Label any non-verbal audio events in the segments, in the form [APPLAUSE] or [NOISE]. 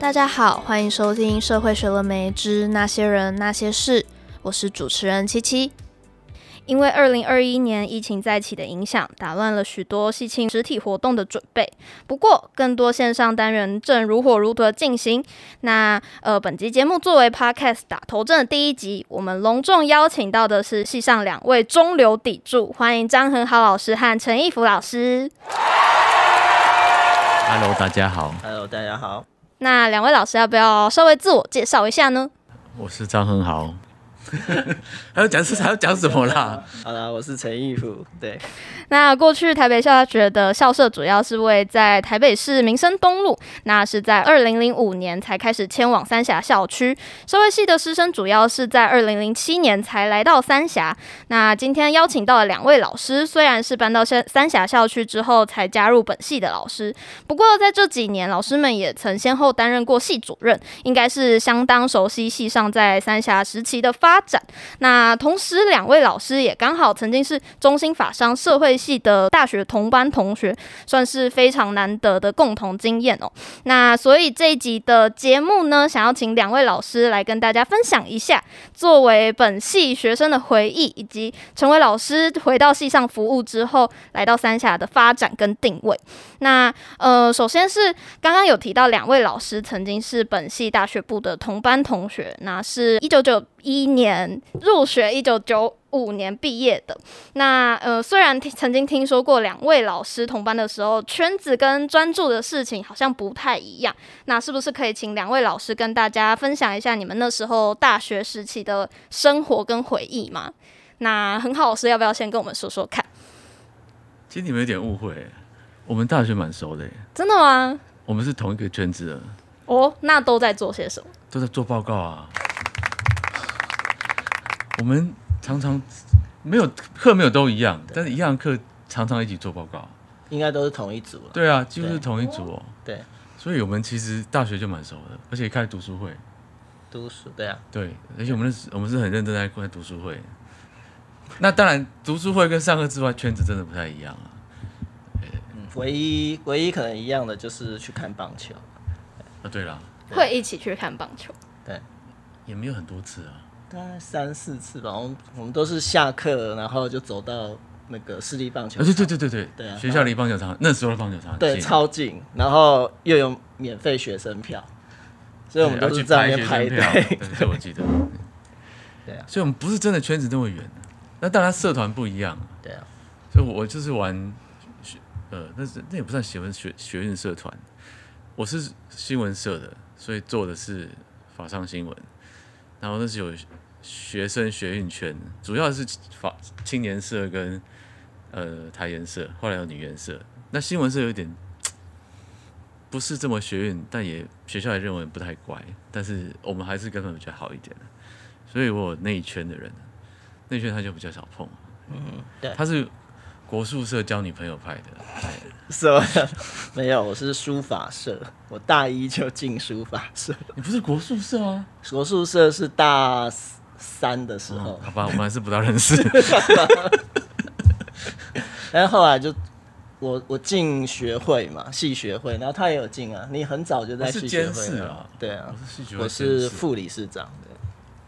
大家好，歡迎收聽《社會學了沒之那些人那些事》，我是主持人七七。因為二零二一年疫情再起的影響，打亂了許多系慶實體活動的準備。不過，更多線上單元正如火如荼進行。那呃，本集節目作為 podcast 打頭陣的第一集，我們隆重邀請到的是系上兩位中流砥柱，歡迎張恆豪老師和陳易甫老師。Hello，大家好。Hello，大家好。那兩位老師要不要稍微自我介紹一下呢？我是張恆豪。 [LAUGHS] 還要講什還要講什麼啦？好啦，我是陳易甫。對，那過去台北校區的校舍主要是位在台北市民生東路，那是在二零零五年才開始遷往三峽校區。社會系的師生主要是在二零零七年才來到三峽。那今天邀請到了兩位老師，雖然是搬到三三峽校區之後才加入本系的老師，不過在這幾年，老師們也曾先後擔任過系主任，應該是相當熟悉系上在三峽時期的發。展那同時，兩位老師也剛好曾經是中興法商社會系的大學同班同學，算是非常難得的共同經驗哦、喔。那所以這一集的節目呢，想要請兩位老師來跟大家分享一下，作為本系學生的回憶，以及成為老師回到系上服務之後，來到三峽的發展跟定位。那呃，首先是剛剛有提到兩位老師曾經是本系大學部的同班同學，那是一九九。一年入學，一九九五年畢業的。那呃，雖然聽曾經聽說過兩位老師同班的時候，圈子跟專注的事情好像不太一樣。那是不是可以請兩位老師跟大家分享一下你們那時候大學時期的生活跟回憶嗎？那很好，老師要不要先跟我們說說看？其實你們有點誤會、欸，我們大學蠻熟的、欸。真的嗎？我們是同一個圈子的。哦，那都在做些什麼？都在做報告啊。我們常常沒有課，課沒有都一樣，但是一樣的課常常一起做報告，應該都是同一組了、啊。對啊，幾乎是同一組哦、喔。對，對所以我們其實大學就蠻熟的，而且開讀書會，讀書對啊，對，而且我們是，我們是很認真在在讀書會。對那當然，讀書會跟上課之外圈子真的不太一樣啊。對對對唯一，唯一可能一樣的就是去看棒球啊。對啦，對對會一起去看棒球。對，也沒有很多次啊。大概三四次吧，我們我們都是下課，然後就走到那個市立棒球場。啊對對對對對。對啊、學校離棒球場，後那時候的棒球場。對，超近，對然後又有免費學生票，所以我們都是在那邊排隊。對，我記得。對，對，對啊。所以我們不是真的圈子那麼遠、啊，那當然社團不一樣、啊。對啊。所以，我就是玩學，呃，那是那也不算新聞學學院社團，我是新聞社的，所以做的是法商新聞，然後那是有。學生學運圈主要是法青年社跟呃台研社，後來有女研社。那新聞社有點不是這麼學運，但也學校也認為不太乖，但是我們還是根本比較好一點，所以我那一圈的人，那一圈他就比較少碰。嗯，對，他是國術社交女朋友派的。是嗎對、so,？沒有，我是書法社，我大一就進書法社。你不是國術社嗎？國術社是大三的時候、嗯，好吧，我們還是不大認識。 [LAUGHS] [LAUGHS] 然後後來、啊、就我我進學會嘛，系學會，然後他也有進啊。你很早就在系學會了是啊，對啊，我是，我是副理事長。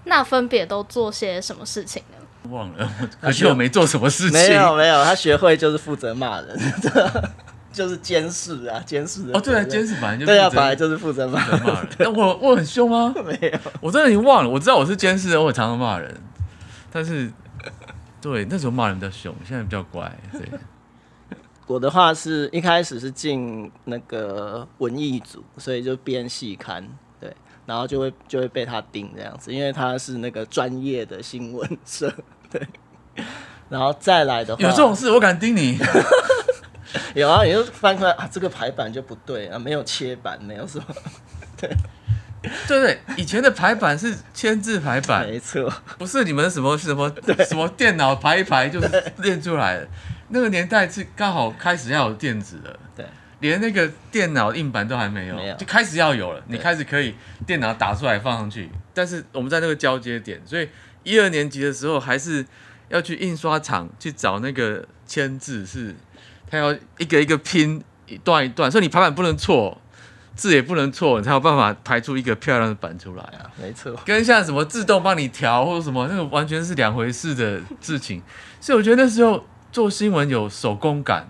那分別都做些什麼事情呢？忘了，可是我沒做什麼事情。沒有沒有，他學會就是負責罵人的。 [LAUGHS] [LAUGHS] 就是監事啊，監事的哦，對啊，監事反正就負責對啊，本來就是負責罵人。那我，我很兇嗎？ [LAUGHS] 沒有，我真的已經忘了，我知道我是監事，我會常常罵人，但是對那時候罵人比較兇，現在比較乖。對，我的話是一開始是進那個文藝組，所以就編系刊，對，然後就會就會被他盯這樣子，因為他是那個專業的新聞社，對，然後再來的話，有這種事，我敢盯你。 [LAUGHS] 有啊，也就翻出來啊，這個排版就不對啊，沒有切板，沒有什麼，對， [LAUGHS] 對對，以前的排版是鉛字排版，沒錯，不是你們什麼什麼對什麼電腦排一排就是印出來的，對那個年代是剛好開始要有電子的，對，連那個電腦硬碟都還沒有，沒有就開始要有了，對你開始可以電腦打出來放上去，但是我們在那個交接點，所以一二年級的時候還是要去印刷廠去找那個鉛字是。它要一個一個拼，一段一段，所以你排版不能錯，字也不能錯，你才有辦法排出一個漂亮的版出來啊。沒錯，跟像什麼自動幫你調或者什麼，那個完全是兩回事的事情。所以我覺得那時候做新聞有手工感，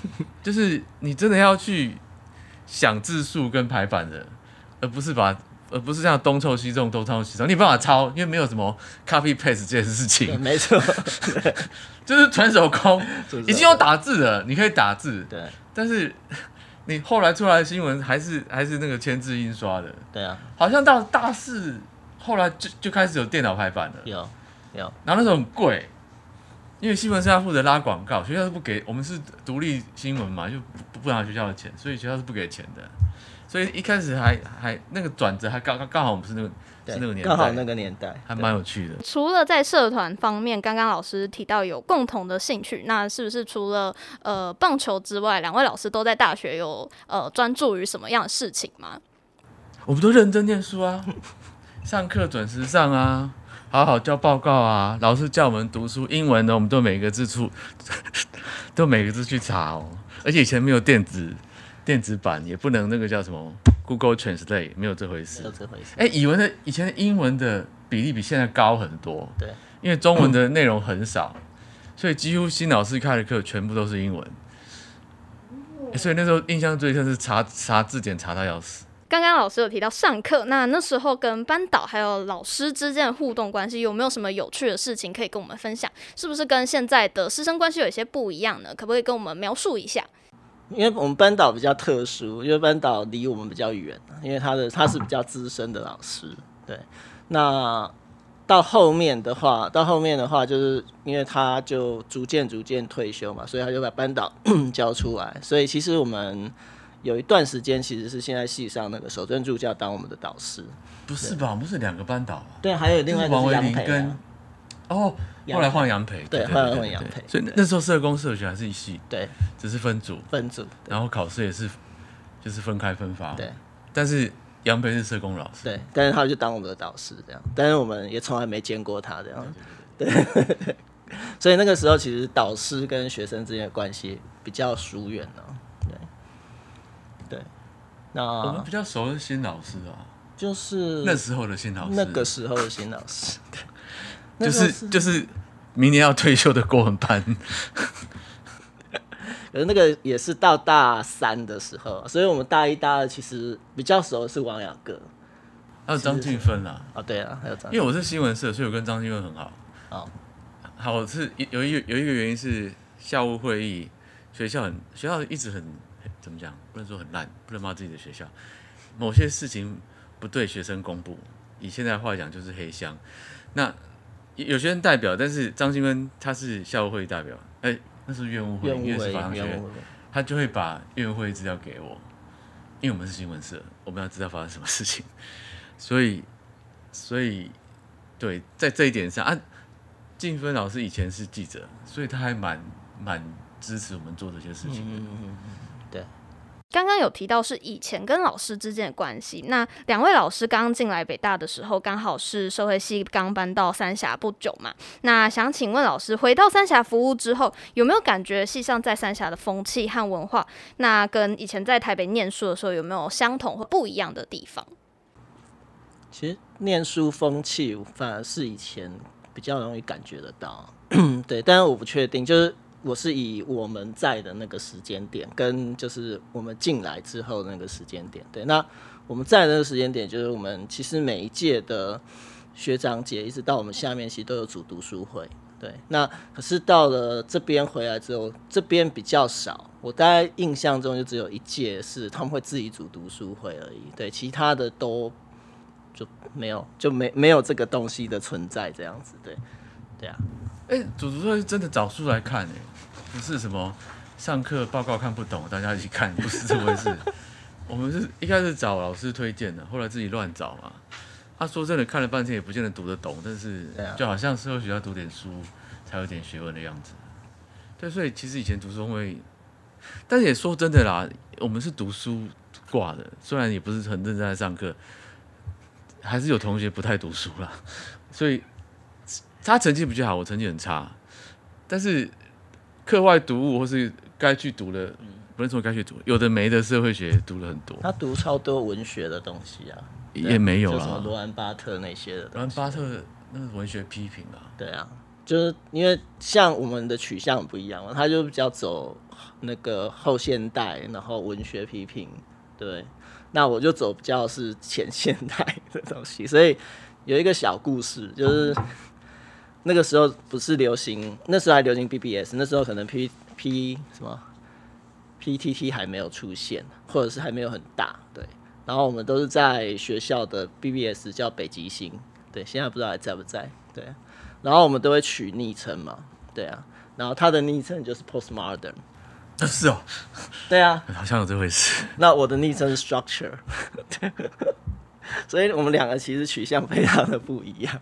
[LAUGHS] 就是你真的要去想字數跟排版的，而不是把。呃，而不是像東湊西抄，東抄西抄，你沒辦法抄，因為沒有什麼 copy paste 這件事情。沒錯， [LAUGHS] 就是純手， [LAUGHS] 手工。已經有打字的，你可以打字。對。但是你後來出來的新聞還是還是那個鉛字印刷的。對啊。好像到大四後來就就開始有電腦排版了。有，有。然後那時候很貴，因為新聞是要負責拉廣告，學校是不給，我們是獨立新聞嘛，就不不拿學校的錢，所以學校是不給錢的。所以一開始還還那個轉折還剛剛好，我們是那個對是那個年代，剛好那個年代還蠻有趣的。對除了在社團方面，剛剛老師提到有共同的興趣，那是不是除了呃棒球之外，兩位老師都在大學有呃專注於什麼樣的事情嗎？我們都認真念書啊，上課準時上啊，好好交報告啊。老師叫我們讀書英文呢，我們都每個字出， [LAUGHS] 都每個字去查哦。而且以前沒有電子。電子版也不能那個叫什麼 Google Translate 沒有這回事，沒有這回事。哎，語文的以前的英文的比例比現在高很多，對，因為中文的內容很少，嗯、所以幾乎新老師開的課全部都是英文。哦、所以那時候印象最深是查查字典查到要死。剛剛老師有提到上課，那那時候跟班導還有老師之間的互動關係有沒有什麼有趣的事情可以跟我們分享？是不是跟現在的師生關係有一些不一樣呢？可不可以跟我們描述一下？因為我們班導比較特殊，因為班導離我們比較遠，因為他的他是比較資深的老師，對。那到後面的話，到後面的話，就是因為他就逐漸逐漸退休嘛，所以他就把班導 [COUGHS] 交出來。所以其實我們有一段時間其實是現在系上那個守正助教當我們的導師。不是吧？不是兩個班導啊？對，還有另外一位楊培。哦，後來換楊培，對，後來換楊培，所以那時候社工社學還是一系，對，只是分組，分組對，然後考試也是就是分開分發，對。但是楊培是社工老師，對，但是他就當我們的導師這樣，但是我們也從來沒見過他這樣，對。所以那個時候其實導師跟學生之間的關係比較疏遠了、喔，對，那我們比較熟的新老師啊、喔，就是那時候的新老師，那個時候的新老師。 [LAUGHS] 就是，是就是明年要退休的郭文般，而那個也是到大三的時候，所以我們大一、大二其實比較熟的是王雅各，還有張晉芬啦。啊、哦，對啊，還有張，因為我是新聞社，所以我跟張晉芬很好。哦、oh.，好是有一有一個原因是校務會議，學校很學校一直很怎麼講？不能說很爛，不能罵自己的學校。某些事情不對學生公布，以現在話講就是黑箱。那有些人代表，但是張晉芬他是校務會議代表，哎、欸，那是院務會，院務是法商學院，他就會把院務會資料給我，因為我們是新聞社，我們要知道發生什麼事情，所以，所以，對，在這一點上，啊，晉芬老師以前是記者，所以他還蠻蠻支持我們做這些事情的。嗯嗯嗯嗯剛剛有提到是以前跟老師之間的關係。那兩位老師剛進來北大的時候，剛好是社會系剛搬到三峽不久嘛。那想請問老師，回到三峽服務之後，有沒有感覺系上在三峽的風氣和文化？那跟以前在台北念書的時候有沒有相同或不一樣的地方？其實念書風氣反而是以前比較容易感覺得到。 [COUGHS] 對，但我不確定，就是。我是以我們在的那個時間點，跟就是我們進來之後的那個時間點，對。那我們在的那個時間點，就是我們其實每一屆的學長姐，一直到我們下面，其實都有組讀書會，對。那可是到了這邊回來之後，這邊比較少，我大概印象中就只有一屆是他們會自己組讀書會而已，對。其他的都就沒有，就沒沒有這個東西的存在，這樣子，對，對啊。哎、欸，組讀書會是真的找書來看、欸，哎。不是什麼上課報告看不懂，大家一起看，不是這回事。 [LAUGHS] 我們是一開始找老師推薦的，後來自己亂找嘛。他、啊、說真的看了半天也不見得讀得懂，但是就好像社會學家讀點書才有點學問的樣子。對，所以其實以前讀書會，但是也說真的啦，我們是讀書掛的，雖然也不是很認真在上課，還是有同學不太讀書啦。所以他成績比較好，我成績很差，但是。課外讀物或是該去讀的，嗯、不能說該去讀，有的沒的，社會學讀了很多。他讀超多文學的東西啊，也，對也沒有啊，羅蘭巴特那些的，啊。羅蘭巴特那是文學批評啊。對啊，就是因為像我們的取向不一樣嘛，他就比較走那個後現代，然後文學批評。對，那我就走比較是前現代的東西。所以有一個小故事就是，嗯。那個時候不是流行，那時候還流行 BBS，那時候可能 P P, P 什麼 P T T 還沒有出現，或者是還沒有很大，對。然後我們都是在學校的 BBS 叫北極星，對，現在不知道還在不在，對。然後我們都會取昵稱嘛，對啊。然後他的昵稱就是 Postmodern，是哦，對啊，好像有這回事。那我的昵稱是 Structure，對， [LAUGHS] 所以我們兩個其實取向非常的不一樣。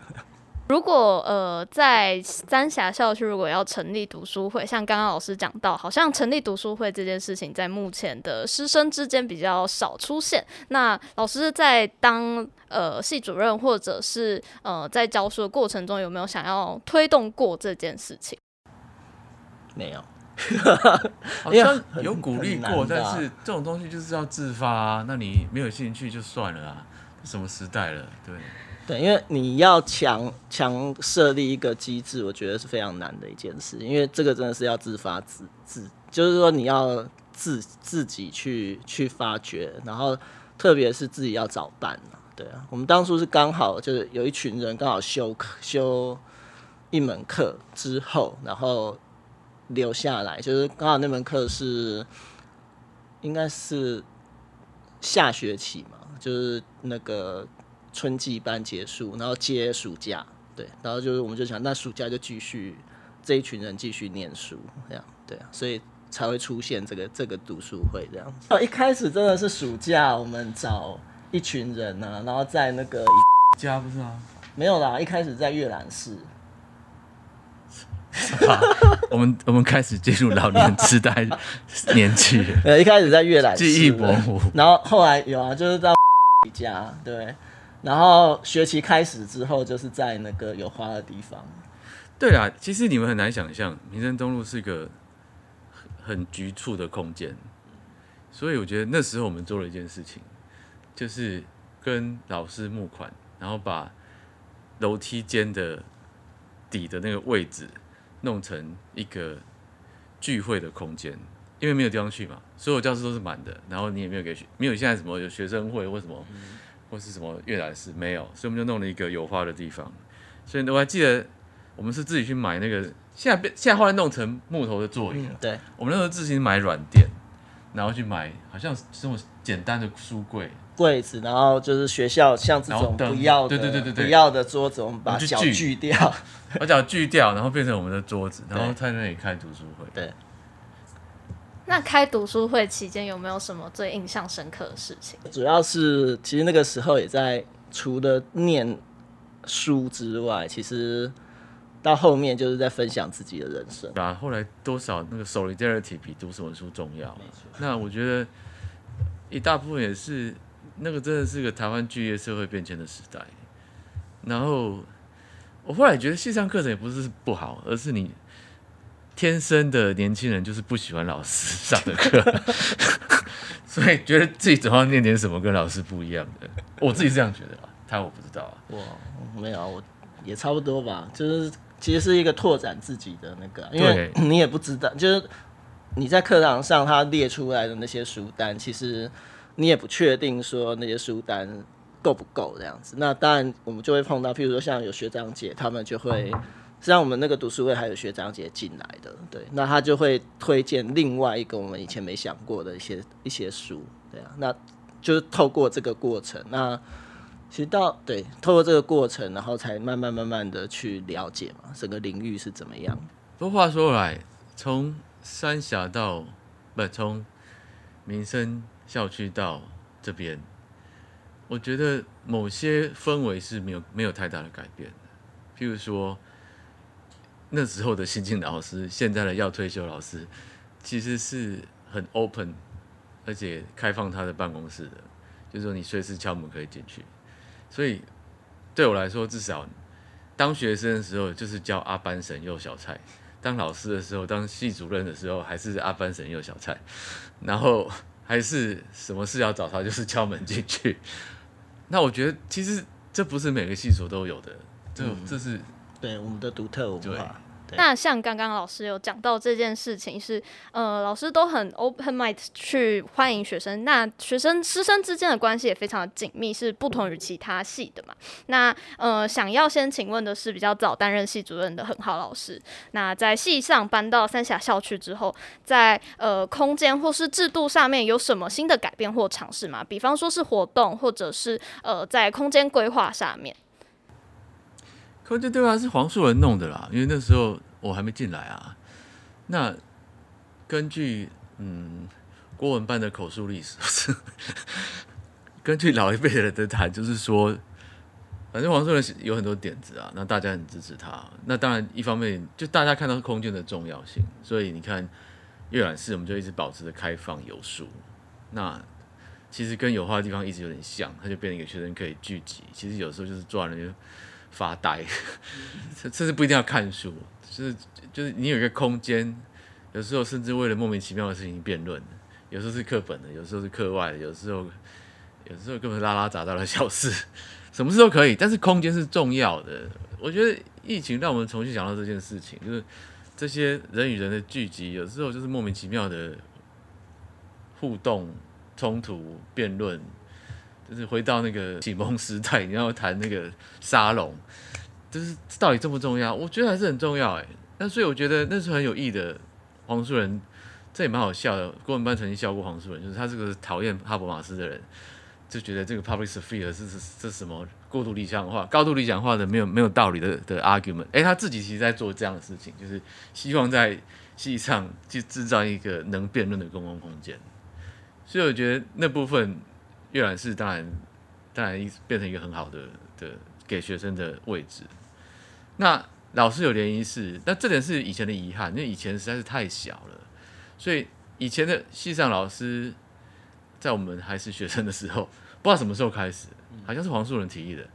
如果呃，在三峽校區如果要成立讀書會，像剛剛老師講到，好像成立讀書會這件事情在目前的師生之間比較少出現。那老師在當呃系主任或者是呃在教書的過程中，有沒有想要推動過這件事情？沒有， [LAUGHS] [LAUGHS] 好像有鼓勵過， [LAUGHS] 很難的 [LAUGHS] 但是這種東西就是要自發啊，那你沒有興趣就算了啊，什麼時代了，對。對，因為你要強強設立一個機制，我覺得是非常難的一件事，因為這個真的是要自發自自，就是說你要自自己去去發掘，然後特別是自己要找伴嘛。對啊，我們當初是剛好就是有一群人剛好修課修一門課之後，然後留下來，就是剛好那門課是應該是下學期嘛，就是那個。春季班結束，然後接暑假，對，然後就是我們就想，那暑假就繼續這一群人繼續念書，這樣，對啊，所以才會出現這個這個讀書會這樣子。一開始真的是暑假，我們找一群人呢、啊，然後在那個一家不是啊，沒有啦，一開始在閱覽室，我們我們開始進入老年痴呆 [LAUGHS] 年紀，呃，一開始在閱覽室，記憶模糊，然後後來有啊，就是在一家，對。然後學期開始之後，就是在那個有花的地方。對啊，其實你們很難想象，民生東路是一個很局促的空間，所以我覺得那時候我們做了一件事情，就是跟老師募款，然後把樓梯間的底的那個位置弄成一個聚會的空間，因為沒有地方去嘛，所有教室都是滿的，然後你也沒有給學，沒有現在什麼有學生會或什麼。嗯或是什麼閱覽室，沒有，所以我們就弄了一個油畫的地方。所以我還記得，我們是自己去買那個，現在變，現在後來弄成木頭的座椅了。嗯、對，我們那時候自行買軟墊，然後去買，好像是這種簡單的書櫃、櫃子，然後就是學校像這種不要的、對對對對對，不要的桌子，我們把腳鋸掉，把腳鋸掉，然後變成我們的桌子，然後在那裡開讀書會。對。對那開讀書會期間有沒有什麼最印象深刻的事情？主要是其實那個時候也在除了念書之外，其實到後面就是在分享自己的人生。啊，後來多少那個手里 t y 比讀什麼書重要。啊。嗯、沒，那我覺得一大部分也是那個真的是個台灣劇業社會變遷的時代。然後我後來覺得線上課程也不是不好，而是你。天生的年輕人就是不喜歡老師上的課， [LAUGHS] [LAUGHS] 所以覺得自己總要念點什麼跟老師不一樣的。我自己是這樣覺得啦、啊，他我不知道啊哇。我沒有，我也差不多吧，就是其實是一個拓展自己的那個，因為對 你也不知道，就是你在課堂上他列出來的那些書單，其實你也不確定說那些書單夠不夠這樣子。那當然我們就會碰到，譬如說像有學長姐他們就會。嗯像我們那個讀書會還有學長姐進來的，對，那他就會推薦另外一個我們以前沒想過的一些一些書，對啊，那就是透過這個過程，那其實到對，透過這個過程，然後才慢慢慢慢的去了解嘛，整個領域是怎麼樣的。不過話說來，從三峽到不是從民生校區到這邊，我覺得某些氛圍是沒有沒有太大的改變的，譬如說。那時候的新進老師，現在的要退休老師，其實是很 open，而且開放他的辦公室的，就是說你隨時敲門可以進去。所以對我來說，至少當學生的時候就是叫阿班神又小菜，當老師的時候，當系主任的時候還是阿班神又小菜，然後還是什麼事要找他就是敲門進去。那我覺得其實這不是每個系所都有的，這這是。對我們的獨特文化。對對那像剛剛老師有講到這件事情是，是呃老師都很 open mind 去歡迎學生，那學生師生之間的關係也非常的緊密，是不同於其他系的嘛。那呃想要先請問的是比較早擔任系主任的恆豪老師，那在系上搬到三峽校區之後，在呃空間或是制度上面有什麼新的改變或嘗試嗎？比方說是活動，或者是呃在空間規劃上面。空間對吧、啊？是黃樹仁弄的啦，因為那時候我還沒進來啊。那根據嗯，郭文般的口述歷史呵呵，根據老一輩人的談，就是說，反正黃樹仁有很多點子啊，那大家很支持他。那當然一方面就大家看到空間的重要性，所以你看閱覽室，閱覽室我們就一直保持着開放有書。那其實跟有花的地方一直有點像，它就變成一個學生可以聚集。其實有時候就是坐完就。發呆，這這是不一定要看書，就是就是你有一個空間，有時候甚至為了莫名其妙的事情辯論，有時候是課本的，有時候是課外的，有時候有時候根本拉拉雜雜的小事，什麼事都可以，但是空間是重要的。我覺得疫情讓我們重新想到這件事情，就是這些人與人的聚集，有時候就是莫名其妙的互動、衝突、辯論。就是回到那個啟蒙時代，你要談那個沙龍，就是到底重不重要？我覺得還是很重要哎。那所以我覺得那是很有意義的。黃樹仁這也蠻好笑的，郭文班曾經笑過黃樹仁，就是他這個是討厭哈伯馬斯的人，就覺得這個 public sphere 是是，是什麼過度理想化、高度理想化的沒有沒有道理的的 argument。哎，他自己其實在做這樣的事情，就是希望在系上去制造一個能辯論的公共空間。所以我覺得那部分。閱覽室當然，當然一變成一個很好的的給學生的位置。那老師有聯誼室，那這點是以前的遺憾，因為以前實在是太小了。所以以前的系上老師，在我們還是學生的時候，不知道什麼時候開始，好像是黃樹仁提議的，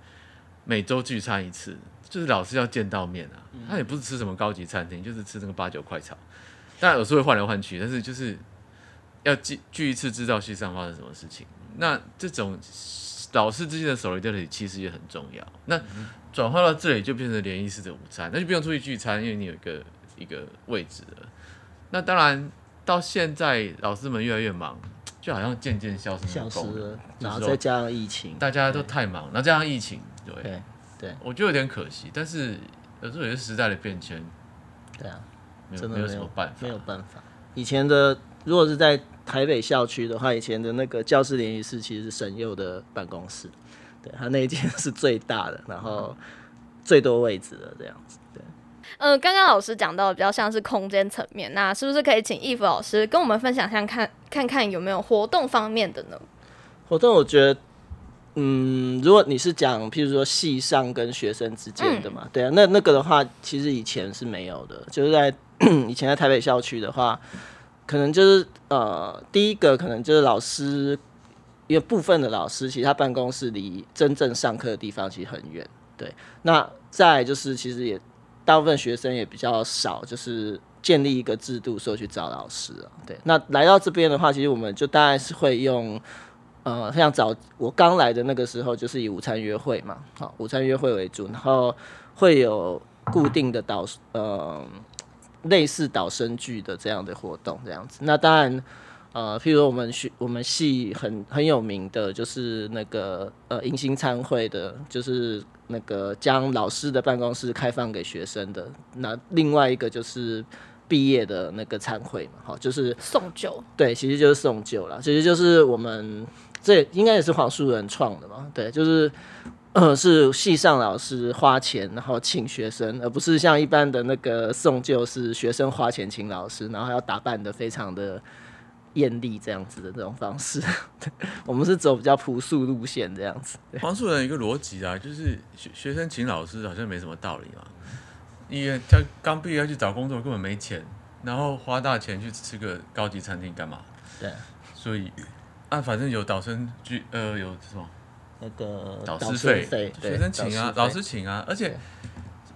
每周聚餐一次，就是老師要見到面啊。他也不是吃什麼高級餐廳，就是吃那個八九塊炒。當然有時候會換來換去，但是就是要聚聚一次，知道系上發生什麼事情。那這種老師之間的 solidarity 其實也很重要。那轉化到這裡就變成聯誼式的午餐，那就不用出去聚餐，因為你有一個一個位置了。那當然到現在老師們越來越忙，就好像漸漸消失。消失了，然後再加上疫情，大家都太忙，對然後加上疫情，對對，對我覺得有點可惜。但是有時候也是時代的變遷，對啊，有真的沒有，沒有什麼辦法，沒有辦法。以前的如果是在台北校區的話，以前的那個教室聯誼室其實是神佑的辦公室，對他那一間是最大的，然後最多位置的這樣子。對，呃，剛剛老師講到的比較像是空間層面，那是不是可以請易甫老師跟我們分享一下看，看看看有沒有活動方面的呢？活動，我覺得，嗯，如果你是講，譬如說系上跟學生之間的嘛，嗯、對啊，那那個的話，其實以前是沒有的，就是在以前在台北校區的話。可能就是呃，第一個可能就是老師，因為部分的老師其實他辦公室離真正上課的地方其實很遠，對。那再就是其實也大部分學生也比較少，就是建立一個制度說去找老師，對。那來到這邊的話，其實我們就大概是會用呃，像找我剛來的那個時候，就是以午餐約會嘛，好、哦，午餐約會為主，然後會有固定的導師呃。類似導生劇的這樣的活動，這樣子。那當然，呃，譬如，我們學我們系很很有名的，就是那個呃迎新餐會的，就是那個將老師的辦公室開放給學生的。那另外一個就是畢業的那個餐會嘛，好，就是送酒。對，其實就是送酒啦，其實就是我們這應該也是黃樹仁創的嘛。對，就是。嗯，是系上老師花錢，然後請學生，而不是像一般的那個送舊是學生花錢請老師，然後要打扮得非常的豔麗這樣子的這種方式。 [LAUGHS] 我們是走比較樸素路線這樣子。黃素人有一個邏輯啊，就是學,學生請老師好像沒什麼道理嘛。因為他剛畢業要去找工作根本沒錢，然後花大錢去吃個高級餐廳幹嘛？對。所以啊，反正有導生聚，呃，有什麼？那個導師費，學生請啊，對老師請啊，而且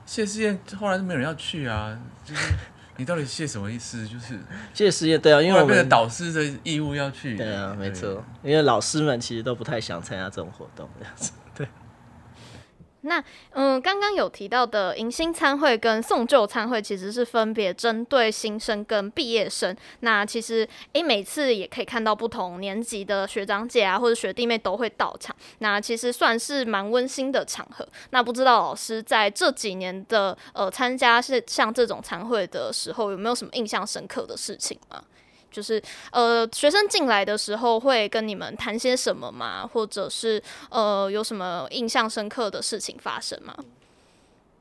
謝師宴後來都沒有人要去啊，對就是你到底謝什麼意思？ [LAUGHS] 就是謝師宴，對啊，因為我們導師的義務要去，對啊，沒錯，對因為老師們其實都不太想參加這種活動這樣子 [LAUGHS] 那嗯，剛剛有提到的迎新餐會跟送舊餐會，其實是分別針對新生跟畢業生。那其實誒，每次也可以看到不同年級的學長姐啊，或者學弟妹都會到場。那其實算是蠻溫馨的場合。那不知道老師在這幾年的呃參加是像這種餐會的時候，有沒有什麼印象深刻的事情嗎？就是呃，學生進來的時候會跟你們談些什麼嗎？或者是呃，有什麼印象深刻的事情發生嗎？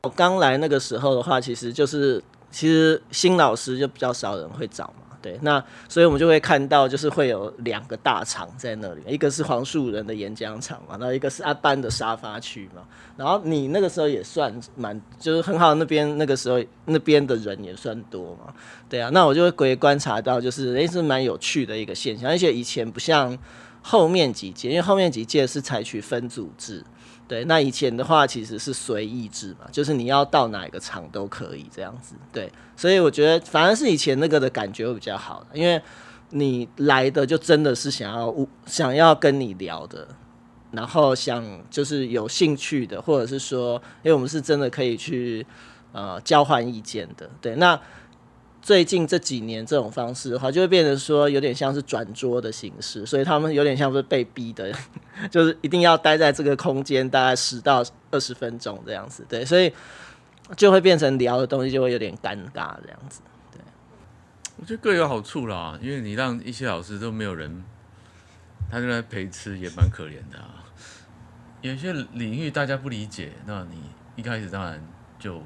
我剛來那個時候的話，其實就是其實新老師就比較少人會找嘛。對，那所以我們就會看到，就是會有兩個大場在那裡，一個是黃樹仁的演講場嘛，然後一個是阿班的沙發區嘛。然後你那個時候也算蠻，就是很好，那邊那個時候那邊的人也算多嘛。對啊，那我就會觀察到，就是也、欸、是蠻有趣的一個現象，而且以前不像後面幾屆，因為後面幾屆是採取分組制。對，那以前的話其實是隨意制嘛，就是你要到哪個場都可以這樣子。對，所以我覺得反而是以前那個的感覺會比較好，因為你來的就真的是想要想要跟你聊的，然後想就是有興趣的，或者是說，因為我們是真的可以去呃交換意見的。對，那。最近這幾年這種方式的話，就會變成說有點像是轉桌的形式，所以他們有點像是被逼的，就是一定要待在這個空間，大概十到二十分鐘這樣子。對，所以就會變成聊的東西就會有點尷尬這樣子。對，我覺得各有好處啦，因為你讓一些老師都沒有人，他就在陪吃也蠻可憐的啊。 [LAUGHS] 有些領域大家不理解，那你一開始當然就。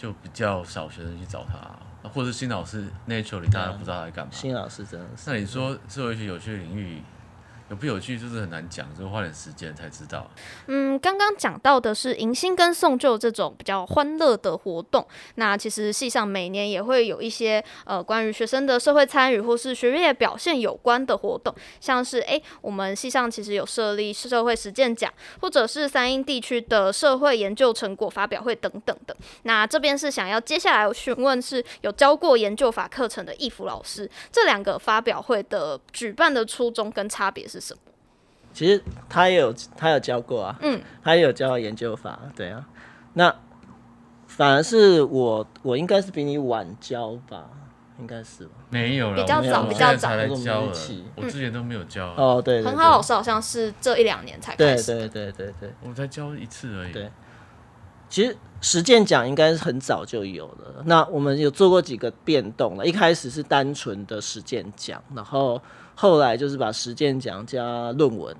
就比較少學生去找他，或者是新老師 naturally 大家不知道他在幹嘛。新老師真的是，那你說社會學有趣的領域？嗯有不有趣就是很難講，只有花點時間才知道、啊。嗯，剛剛講到的是迎新跟送舊這種比較歡樂的活動。那其實系上每年也會有一些呃關於學生的社會參與或是學業表現有關的活動，像是誒、欸、我們系上其實有設立社會實踐獎，或者是三鶯地區的社會研究成果發表會等等的。那這邊是想要接下來詢問是有教過研究法課程的易甫老師，這兩個發表會的舉辦的初衷跟差別是？什麼？其實他也有他有教過啊，嗯，他也有教研究法、啊，對啊。那反而是我我應該是比你晚教吧，應該是吧？嗯、沒有，比較早比較早教我，起、嗯、我之前都沒有教。哦，對，恆豪老師好像是這一兩年才開始，對對對，對，對，對，對，對我才教一次而已。對，其實實踐講應該是很早就有了，那我們有做過幾個變動了。一開始是單純的實踐講，然後，後來就是把實踐獎加論文，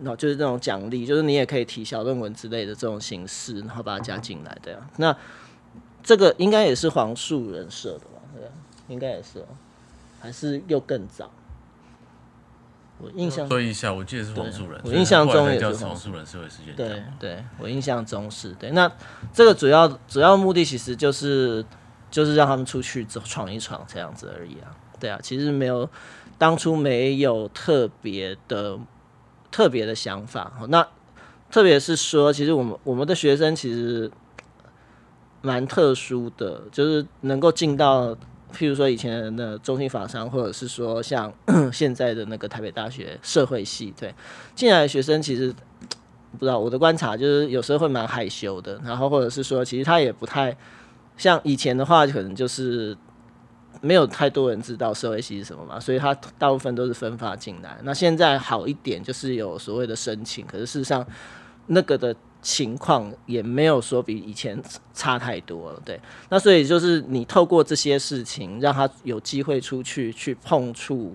然後就是這種獎勵，就是你也可以提小論文之類的這種形式，然後把它加進來對呀、啊。那這個應該也是黃樹人設的吧？對、啊，應該也是、喔，還是又更早。我印象中，我印象我記得是黃樹人，我印象中也是黃樹人，社會實踐對對，我印象中是。對，那這個主要主要目的其實就是就是讓他們出去闖一闖這樣子而已啊。對啊，其實沒有當初沒有特別的特別的想法。那特別是說，其實我們我們的學生其實蠻特殊的，就是能夠進到，譬如說以前的中興法商，或者是說像現在的那個台北大學社會系，對，進來的學生其實不知道我的觀察，就是有時候會蠻害羞的，然後或者是說，其實他也不太像以前的話，可能就是。沒有太多人知道社會系是什麼嘛，所以他大部分都是分發進來。那現在好一點就是有所謂的申請，可是事實上那個的情況也沒有說比以前差太多了，對。那所以就是你透過這些事情，讓他有機會出去去碰觸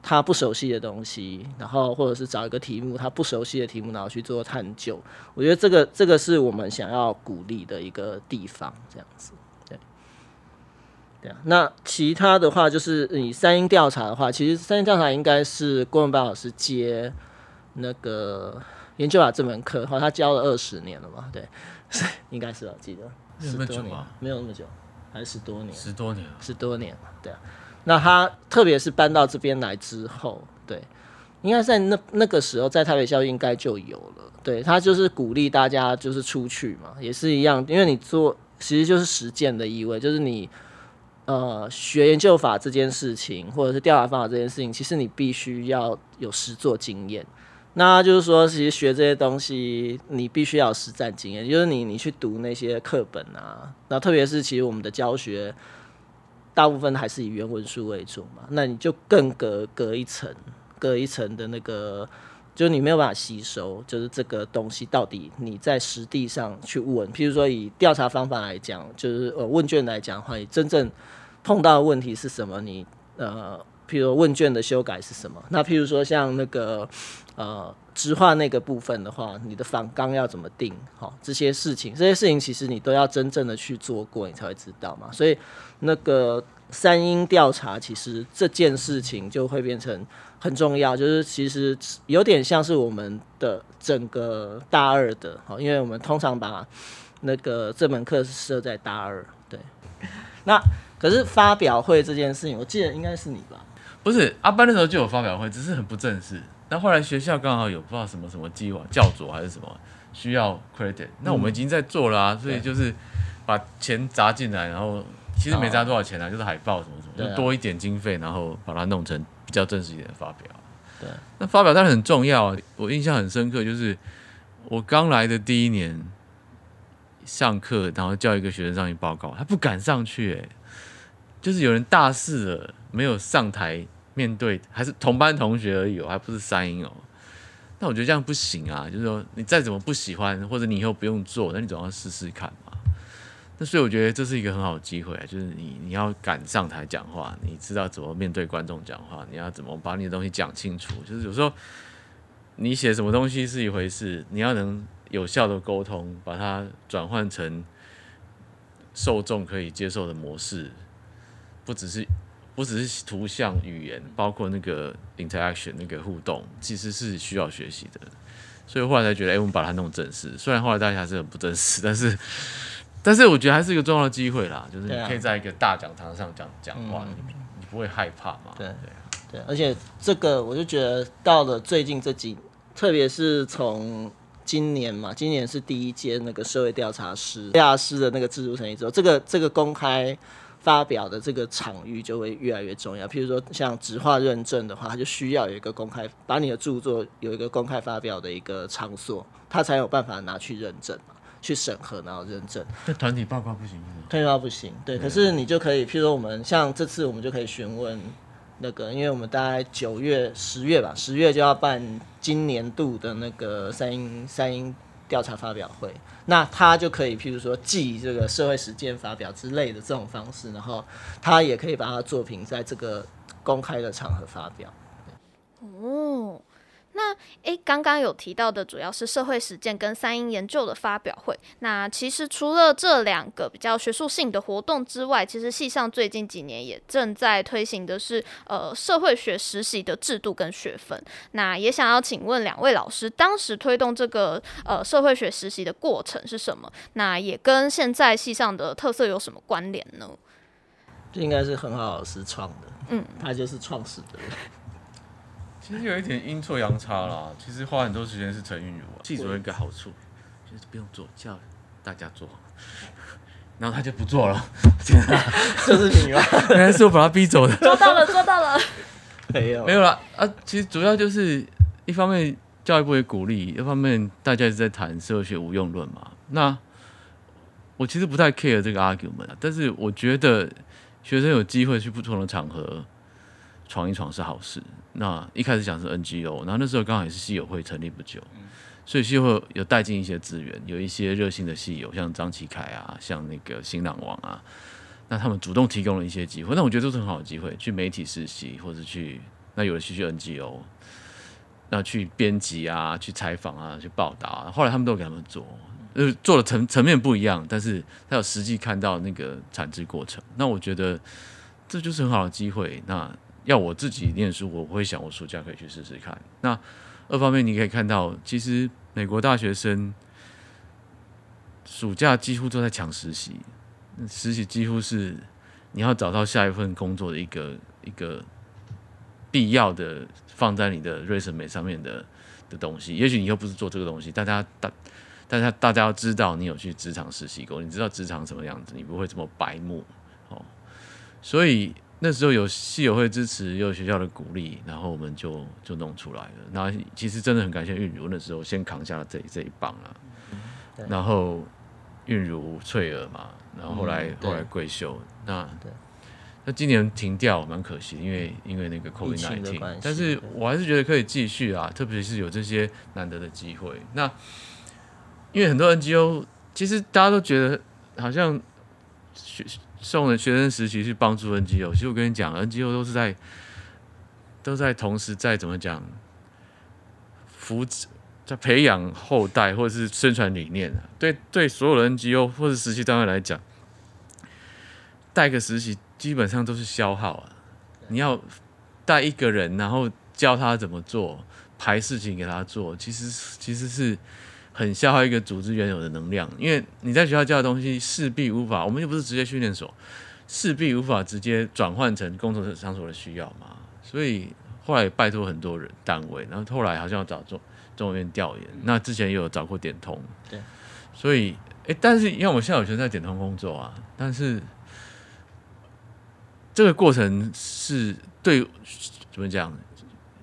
他不熟悉的東西，然後或者是找一個題目，他不熟悉的題目，然後去做探究。我覺得這個這個是我們想要鼓勵的一個地方，這樣子。那其他的話就是，你三鶯調查的話，其實三鶯調查應該是郭文般老師接那個研究法這門課，後他教了二十年了嘛？對，應該是吧？記得十沒有那麼久，啊？沒有那麼久，還是十多年？十多年？十多年？對啊。那他特別是搬到這邊來之後，對，應該在那那個時候在台北校應該就有了。對，他就是鼓勵大家就是出去嘛，也是一樣，因為你做其實就是實踐的意味，就是你。呃、嗯，學研究法這件事情，或者是調查方法這件事情，其實你必須要有實作經驗。那就是說，其實學這些東西，你必須要實戰經驗。就是你，你去讀那些課本啊，那特別是其實我們的教學，大部分還是以原文書為主嘛。那你就更隔隔一層，隔一層的那個。就是你沒有辦法吸收，就是這個東西到底你在實地上去問，譬如說以調查方法來講，就是呃問卷來講的話，你真正碰到的問題是什麼？你呃，譬如問卷的修改是什麼？那譬如說像那個呃質化那個部分的話，你的訪綱要怎麼定？好，這些事情，這些事情其實你都要真正的去做過，你才會知道嘛。所以那個。三鶯調查其實這件事情就會變成很重要，就是其實有點像是我們的整個大二的，因為我們通常把那個這門課是設在大二。對，那可是發表會這件事情，我記得應該是你吧？不是阿班的時候就有發表會，只是很不正式。那後來學校剛好有不知道什麼什麼計劃，教主還是什麼需要 credit，那我們已經在做了啊，嗯、所以就是把錢砸進來，然後。其實沒砸多少錢啊，就是海報什麼什麼，就多一點經費，然後把它弄成比較正式一點的發表。對，那發表當然很重要。我印象很深刻，就是我剛來的第一年，上課然後叫一個學生上去報告，他不敢上去哎、欸，就是有人大事四了，沒有上台面對，還是同班同學而已，哦，還不是三鶯哦。那我覺得這樣不行啊，就是說你再怎麼不喜歡，或者你以後不用做，那你總要試試看。那所以我覺得這是一個很好的機會，就是你你要敢上台講話，你知道怎麼面對觀眾講話，你要怎麼把你的東西講清楚。就是有時候你寫什麼東西是一回事，你要能有效的溝通，把它轉換成受眾可以接受的模式，不只是不只是圖像語言，包括那個 interaction 那個互動，其實是需要學習的。所以後來才覺得，哎、欸，我們把它弄正式。雖然後來大家還是很不正式，但是。但是我覺得還是一個重要的機會啦，就是你可以在一個大講堂上講講、嗯、話，你不會害怕嘛？對對對，而且這個我就覺得到了最近這幾，特別是從今年嘛，今年是第一屆那個社會調查師、調查師的那個制度成立之後，這個這個公開發表的這個場域就會越來越重要。比如說像執畫認證的話，它就需要有一個公開，把你的著作有一個公開發表的一個場所，他才有辦法拿去認證。去審核，然後認證。那團體報告不行，團體報告不行，對。對，可是你就可以，譬如說我們像這次，我們就可以詢問那個，因為我們大概九月、十月吧，十月就要辦今年度的那個三鶯三鶯調查發表會。那他就可以，譬如說記這個社會實踐發表之類的這種方式，然後他也可以把他的作品在這個公開的場合發表。對哦。嗯那誒，剛剛有提到的主要是社會實踐跟三鶯研究的發表會。那其實除了這兩個比較學術性的活動之外，其實系上最近幾年也正在推行的是呃社會學實習的制度跟學分。那也想要請問兩位老師，當時推動這個呃社會學實習的過程是什麼？那也跟現在系上的特色有什麼關聯呢？這應該是恆豪老師創的，嗯，他就是創始的其實有一點陰錯陽差啦，其實花很多時間是成語語文。其實有一個好處，就是不用做，叫大家做，然後他就不做了。 [LAUGHS] [LAUGHS] 就是原你來 [LAUGHS] 是我把他逼走的。做到了，做到了。沒有啦，沒有了啊。其實主要就是一方面教育部也鼓勵，一方面大家一直在談社會學無用論嘛。那我其實不太 care 這個 argument，但是我覺得學生有機會去不同的場合。闖一闖是好事。那一開始講是 NGO，然後那時候剛好也是系友會成立不久，所以系友會有帶進一些資源，有一些熱心的系友，像張啟凱啊，像那個新浪網啊，那他們主動提供了一些機會。那我覺得這是很好的機會，去媒體實習，或者去那有的去去 NGO，那去編輯啊，去採訪啊，去報道啊。後來他們都給他們做，就是做的層層面不一樣，但是他有實際看到那個產製過程。那我覺得這就是很好的機會。那要我自己念書，我會想我暑假可以去試試看。那二方面，你可以看到，其實美國大學生暑假幾乎都在搶實習，實習幾乎是你要找到下一份工作的一個一個必要的放在你的 resume 上面的的東西。也許你又不是做這個東西，大家大大家大家要知道，你有去職場實習過，你知道職場什麼樣子，你不會這麼白目哦。所以。那時候有校友會支持，又有學校的鼓勵，然後我們就就弄出來了。那其實真的很感謝韻如，那時候先扛下了這一這一棒啊。嗯、然後韻如、翠兒嘛，然後後來、嗯、後來桂秀，那對那今年停掉蠻可惜，因為因為那個 COVID nineteen，但是我還是覺得可以繼續啊，對特別是有這些難得的機會。那因為很多 NGO，其實大家都覺得好像學。送了學生實習去幫助 N G O，其實我跟你講，N G O 都是在，都在同時在怎麼講，扶持在培養後代或者是宣傳理念啊。對對，所有的 N G O 或者實習單位來講，帶個實習基本上都是消耗啊。你要帶一個人，然後教他怎麼做，排事情給他做，其實其實是。很消耗一個組織原有的能量，因為你在學校教的東西勢必無法，我們又不是職業訓練所，勢必無法直接轉換成工作場所的需要嘛。所以後來也拜托很多人單位，然後後來好像要找中中研院調研，那之前也有找過點通，對，所以哎、欸，但是因為我現在有學在點通工作啊，但是這個過程是對怎麼講，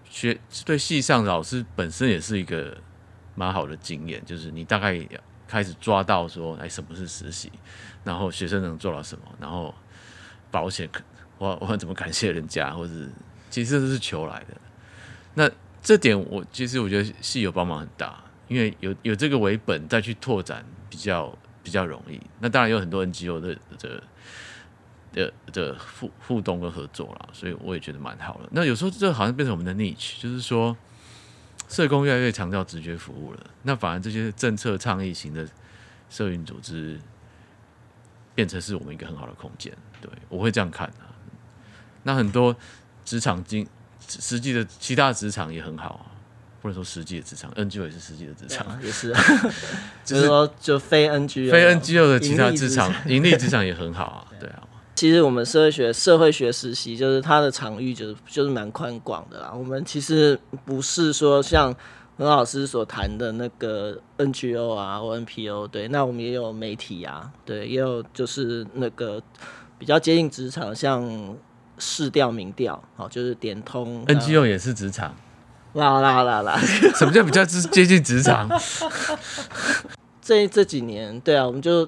學對系上老師本身也是一個。蠻好的經驗，就是你大概開始抓到說，哎、欸，什麼是實習，然後學生能做到什麼，然後保險我我怎麼感謝人家，或是其實都是求來的。那這點我其實我覺得系有幫忙很大，因為有有這個為本再去拓展比較比較容易。那當然有很多 N G O 的的的、這個這個這個這個、互互動跟合作了，所以我也覺得蠻好的。那有時候這好像變成我們的 niche，就是說。社工越來越強調直覺服務了，那反而這些政策倡議型的社運組織，變成是我們一個很好的空間。對，我會這樣看啊。那很多職場經實際的其他職場也很好啊，不能說實際的職場，NGO 也是實際的職場，也是， [LAUGHS] 就是說就非 NGO 非 NGO 的其他職場，盈利職場，對場也很好啊，對啊。其實我們社會學，社會學實習就是它，的場域就是就是蠻寬廣的啦。我們其實不是說像何老師所談的那個 NGO 啊或 NPO，對，那我們也有媒體啊，對，也有就是那個比較接近職場，像市調、民調，好，就是點通 NGO 也是職場，啦啦啦啦。 [LAUGHS] 什麼叫比較接近職場？ [LAUGHS] 這這幾年，對啊，我們就。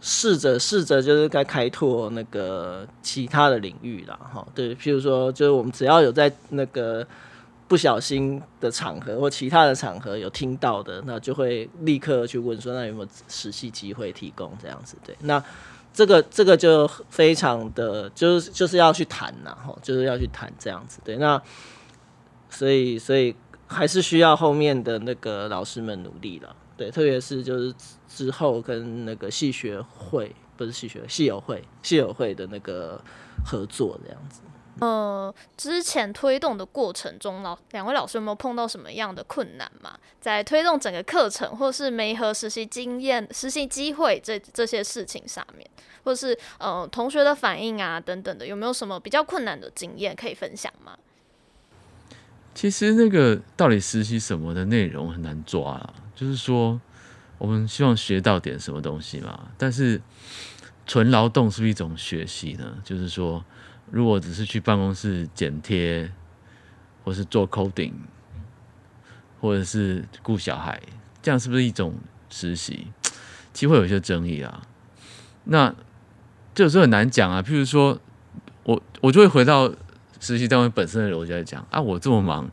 試着試着就是該開拓那個其他的領域了哈，對，譬如說，就是我們只要有在那個不小心的場合或其他的場合有聽到的，那就會立刻去問說那有沒有實習機會提供這樣子，對，那這個這個就非常的就是就是要去談了。哈，就是要去談、就是、這樣子，對，那所以所以還是需要後面的那個老師們努力了，對，特別是就是。之後跟那個系學會不是系學系友會系友會的那個合作這樣子。呃，之前推動的過程中，老兩位老師有沒有碰到什麼樣的困難嗎？在推動整個課程，或是媒合實習經驗、實習機會這這些事情上面，或是呃同學的反應啊等等的，有沒有什麼比較困難的經驗可以分享嗎？其實那個到底實習什麼的內容很難抓啊，就是說。我們希望學到點什麼東西嘛，但是純勞動是不是一種學習呢？就是說，如果只是去辦公室剪貼，或是做 coding，或者是顧小孩，這樣是不是一種實習？其實會有一些爭議啊。那就有時候很難講啊。譬如說，我我就會回到實習單位本身的邏輯來講啊。我這麼忙，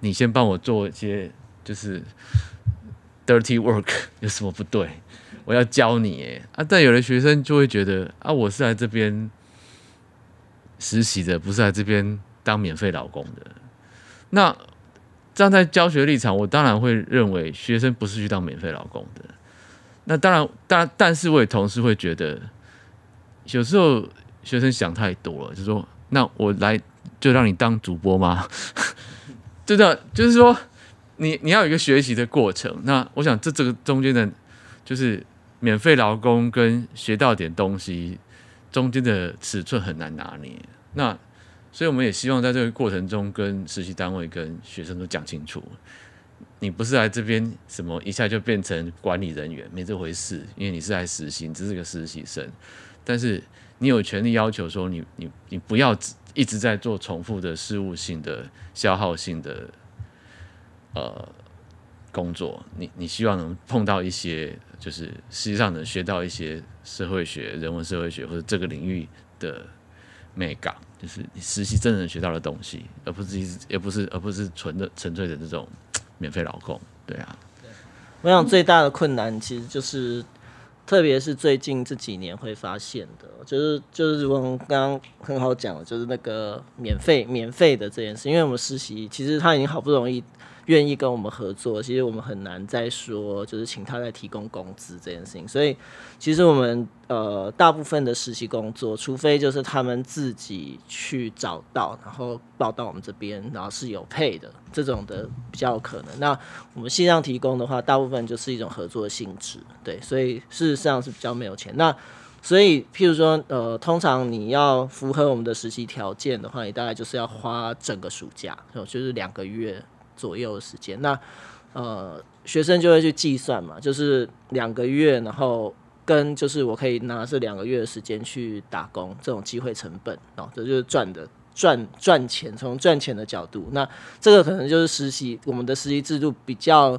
你先幫我做一些，就是。Dirty work 有什麼不對？我要教你耶啊！但有的學生就會覺得啊，我是來這邊實習的，不是來這邊當免費勞工的。那站在教學立場，我當然會認為學生不是去當免費勞工的。那當然，但但是我也同時會覺得，有時候學生想太多了，就說：“那我來就讓你當主播嗎？” [LAUGHS] 對的、啊，就是說。你你要有一個學習的過程，那我想這這個中間的，就是免費勞工跟學到點東西中間的尺寸很難拿捏，那所以我們也希望在這個過程中跟實習單位跟學生都講清楚，你不是來這邊什麼一下就變成管理人員，沒這回事，因為你是在實習，你只是個實習生，但是你有權利要求說你你你不要一直在做重複的事務性的消耗性的。呃，工作，你你希望能碰到一些，就是實際上能學到一些社會學、人文社會學或者這個領域的美感，就是你實習真能學到的東西，而不是，也不是，而不是純的純粹的這種免費勞工，對啊對。我想最大的困難其實就是，嗯、特別是最近這幾年會發現的，就是就是如果我們剛剛很好講的，就是那個免費免費的這件事，因為我們實習其實他已經好不容易。願意跟我們合作，其實我們很難再說，就是請他來提供工資這件事情。所以，其實我們呃大部分的實習工作，除非就是他們自己去找到，然後報到我們這邊，然後是有配的這種的比較有可能。那我們線上提供的話，大部分就是一種合作性質，對。所以事實上是比較沒有錢。那所以，譬如說呃，通常你要符合我們的實習條件的話，你大概就是要花整個暑假，就是兩個月。左右的時間，那呃，學生就會去計算嘛，就是兩個月，然後跟就是我可以拿這兩個月的時間去打工，這種機會成本，哦，這就是賺的賺賺錢，從賺錢的角度，那這個可能就是實習我們的實習制度比較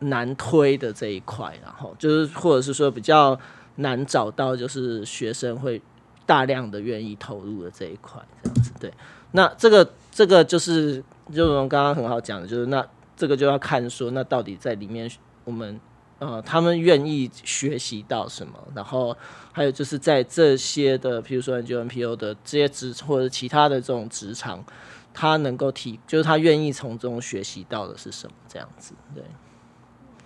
難推的這一塊，然後就是或者是說比較難找到就是學生會大量的願意投入的這一塊，這樣子對，那這個這個就是。就從剛剛很好講的，就是那這個就要看說，那到底在裡面我們呃他們願意學習到什麼，然後還有就是在這些的，比如說 NGO、NPO 的這些職或者其他的這種職場，他能夠提，就是他願意從中學習到的是什麼這樣子，對。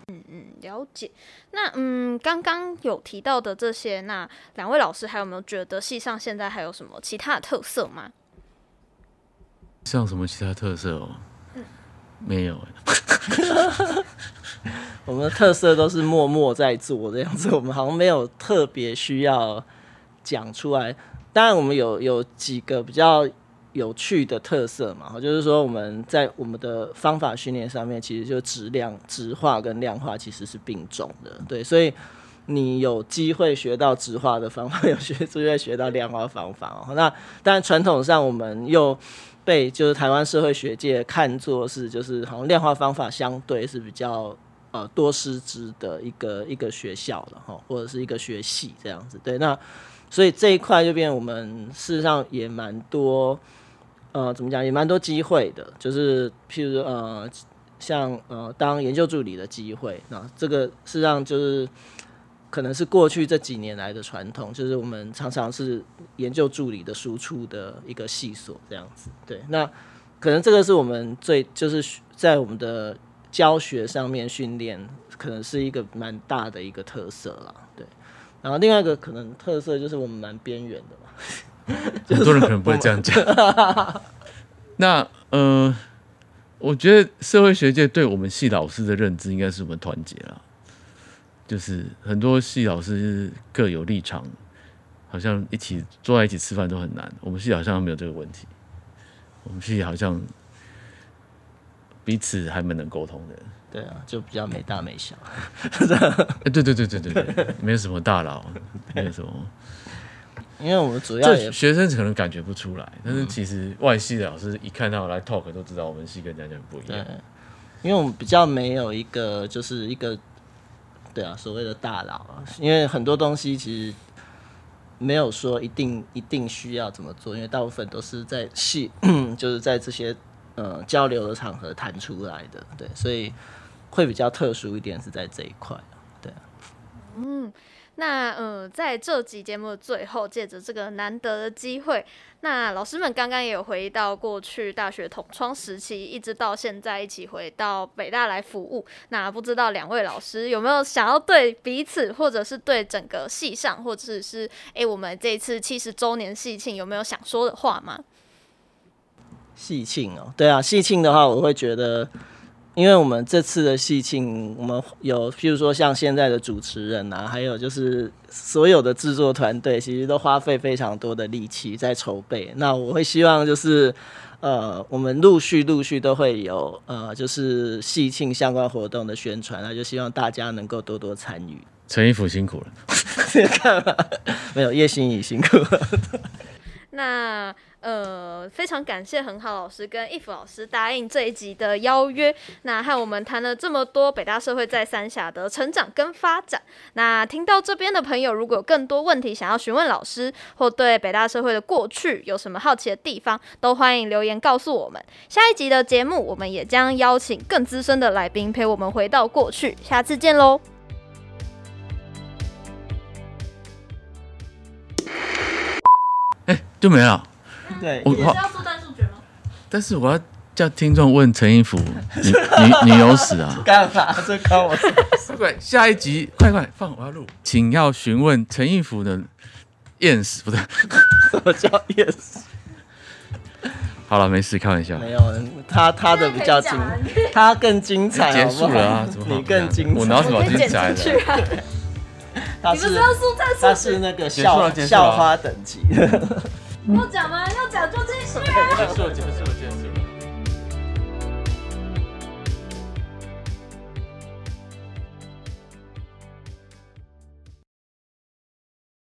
嗯嗯，了解。那嗯，剛剛有提到的這些，那兩位老師還有沒有覺得系上現在還有什麼其他的特色嗎？像什麼其他特色哦、喔？嗯、沒有、欸， [LAUGHS] [LAUGHS] 我們的特色都是默默在做這樣子。我們好像沒有特別需要講出來。當然，我們有有幾個比較有趣的特色嘛，就是說我們在我們的方法訓練上面，其實就質量、質化跟量化其實是並重的。對，所以你有機會學到質化的方法，有有機會學到量化方法哦、喔。那但傳統上我們又。被就是台灣社會學界看作是就是好像量化方法相對是比較呃多師資的一個一個學校的哈，或者是一個學系這樣子對，那所以這一塊就變我們事實上也蠻多呃怎麼講也蠻多機會的，就是譬如說呃像呃當研究助理的機會，那這個事實上就是。可能是過去這幾年來的傳統，就是我們常常是研究助理的輸出的一個系所這樣子。對，那可能這個是我們最就是在我們的教學上面訓練，可能是一個蠻大的一個特色啦。對，然後另外一個可能特色就是我們蠻邊緣的嘛，很多人可能不會這樣講。 [LAUGHS] [LAUGHS] 那呃，我覺得社會學界對我們系老師的認知，應該是我們團結了。就是很多系老師各有立場，好像一起坐在一起吃飯都很難。我們系好像沒有這個問題，我們系好像彼此還蠻能溝通的。對啊，就比較沒大沒小、 [LAUGHS] 欸。對對對對對 [LAUGHS] 沒有什麼大佬， [LAUGHS] 沒有什麼。因為我們主要學生可能感覺不出來，但是其實外系的老師一看到我來 talk，都知道我們系跟人家就很不一樣。對，因為我們比較沒有一個就是一個。對啊，所謂的大佬啊，因為很多東西其實沒有說一定一定需要怎麼做，因為大部分都是在戲，就是在這些呃、嗯、交流的場合談出來的，對，所以會比較特殊一點是在這一塊啊，對啊，嗯。那呃、嗯，在這集節目的最後，借着這個難得的機會，那老師們剛剛也有回到過去大學同窗時期，一直到現在一起回到北大來服務。那不知道兩位老師有沒有想要對彼此，或者是對整個系上，或者是誒、欸，我們這一次七十周年系慶，有沒有想說的話嗎？系慶哦，對啊，系慶的話，我會覺得。因為我們這次的系慶，我們有譬如說像現在的主持人啊，還有就是所有的製作團隊，其實都花費非常多的力氣在籌備。那我會希望就是，呃，我們陸續陸續都會有呃，就是系慶相關活動的宣傳啊，就希望大家能夠多多參與。陳易甫辛苦了， [LAUGHS] 沒有葉欣怡辛苦了。 [LAUGHS] 那。呃，非常感謝恆豪老師跟易甫老師答應這一集的邀約。那和我們談了這麼多北大社會在三峽的成長跟發展。那聽到這邊的朋友，如果有更多問題想要詢問老師，或對北大社會的過去有什麼好奇的地方，都歡迎留言告訴我們。下一集的節目，我們也將邀請更資深的來賓陪我們回到過去。下次見嘍！哎、欸，就沒有啊？對，我怕是要速戰速決嗎？但是我要叫聽眾問陳易甫你，你，你有死啊？幹嘛？這看我，不管下一集，快快放，我要錄，請要詢問陳易甫的艷死，不對，什麼叫艷死？好了，沒事，開玩笑。沒有，他他的比較精，他更精彩好好，結束了啊！怎麼你更精彩，我拿什麼精彩的，啊？你們是要速戰速決？他是那個校校、啊、花等級。 [LAUGHS] 要講、嗯、嗎？要講就繼續啊！ [LAUGHS]